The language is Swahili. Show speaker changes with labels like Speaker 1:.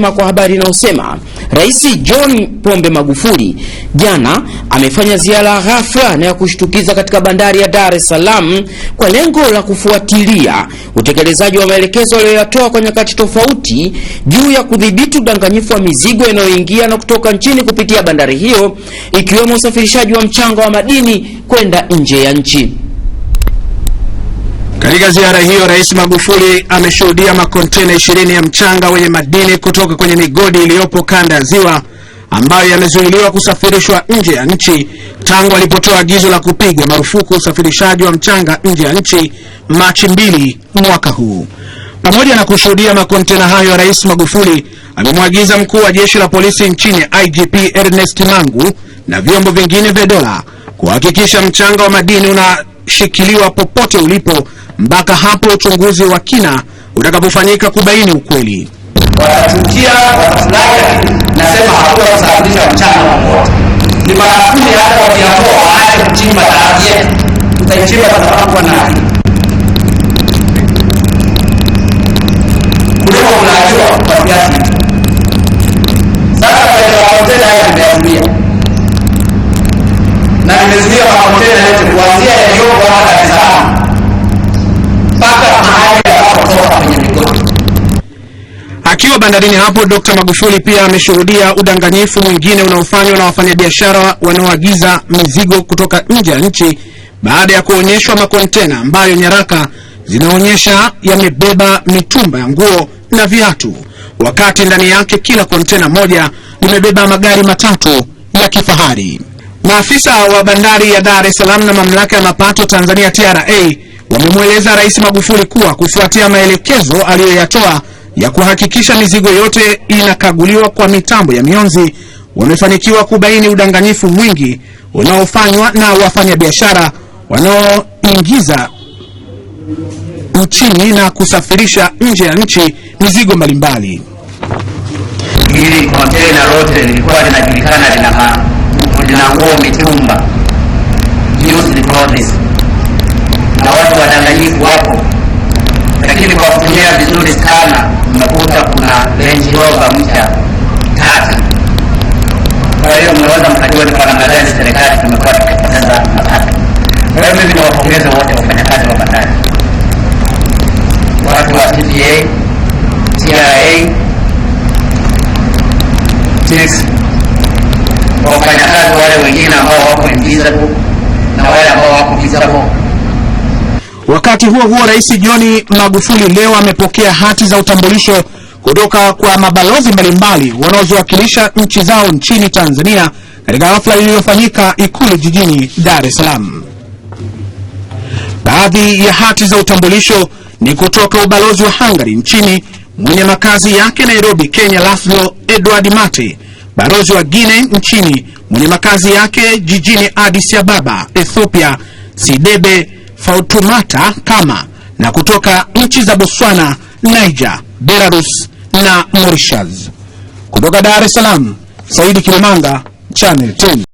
Speaker 1: Kwa habari inayosema Rais John Pombe Magufuli jana amefanya ziara ghafla na ya kushtukiza katika bandari ya Dar es Salaam kwa lengo la kufuatilia utekelezaji wa maelekezo aliyoyatoa kwa nyakati tofauti juu ya kudhibiti udanganyifu wa mizigo inayoingia na kutoka nchini kupitia bandari hiyo, ikiwemo usafirishaji wa mchanga wa madini kwenda nje ya nchi.
Speaker 2: Katika ziara hiyo, Rais Magufuli ameshuhudia makontena ishirini ya mchanga wenye madini kutoka kwenye migodi iliyopo kanda ya Ziwa ambayo yamezuiliwa kusafirishwa nje ya nchi tangu alipotoa agizo la kupiga marufuku usafirishaji wa mchanga nje ya nchi Machi mbili mwaka huu. Pamoja na kushuhudia makontena hayo, Rais Magufuli amemwagiza mkuu wa jeshi la polisi nchini IGP Ernest Mangu na vyombo vingine vya dola kuhakikisha mchanga wa madini unashikiliwa popote ulipo mpaka hapo uchunguzi wa kina utakapofanyika kubaini ukweli.
Speaker 3: Wanatukia watunaja, nasema hakuna kusafirisha mchana wowote, ni wanafunzi hata wakiamua waache kuchimba ardhi yetu, tutaichimba kwa sababu wanai kuliko unajua kwa kiasi. Sasa makontena haya na nimezuia makontena yote kuanzia yaliyoko
Speaker 2: Akiwa bandarini hapo, Dkt. Magufuli pia ameshuhudia udanganyifu mwingine unaofanywa na wafanyabiashara wanaoagiza mizigo kutoka nje ya nchi baada ya kuonyeshwa makontena ambayo nyaraka zinaonyesha yamebeba mitumba ya nguo na viatu, wakati ndani yake kila kontena moja limebeba magari matatu ya kifahari. Maafisa wa bandari ya Dar es Salaam na mamlaka ya mapato Tanzania TRA wamemweleza Rais Magufuli kuwa kufuatia maelekezo aliyoyatoa ya kuhakikisha mizigo yote inakaguliwa kwa mitambo ya mionzi wamefanikiwa kubaini udanganyifu mwingi unaofanywa na wafanyabiashara wanaoingiza nchini na kusafirisha nje ya nchi mizigo mbalimbali.
Speaker 4: Hili kontena lote lilikuwa linajulikana lina lina nguo mitumba used clothes, na watu wadanganyifu wapo, lakini kwa kutumia vizuri sana taasisi, wafanyakazi wale wengine ambao wako invisible na wale ambao wako visible.
Speaker 2: Wakati huo huo, Rais John Magufuli leo amepokea hati za utambulisho kutoka kwa mabalozi mbalimbali wanaoziwakilisha nchi zao nchini Tanzania katika hafla iliyofanyika Ikulu jijini Dar es Salaam. Baadhi ya hati za utambulisho ni kutoka ubalozi wa Hungary nchini mwenye makazi yake Nairobi, Kenya, Laszlo Edward Mate Balozi wa guine nchini mwenye makazi yake jijini Addis Ababa, Ethiopia, Sidebe Fautumata Kama, na kutoka nchi za Botswana, Niger, Belarus na Mauritius. Kutoka Dar es Salaam, Saidi Kilimanga, Channel 10.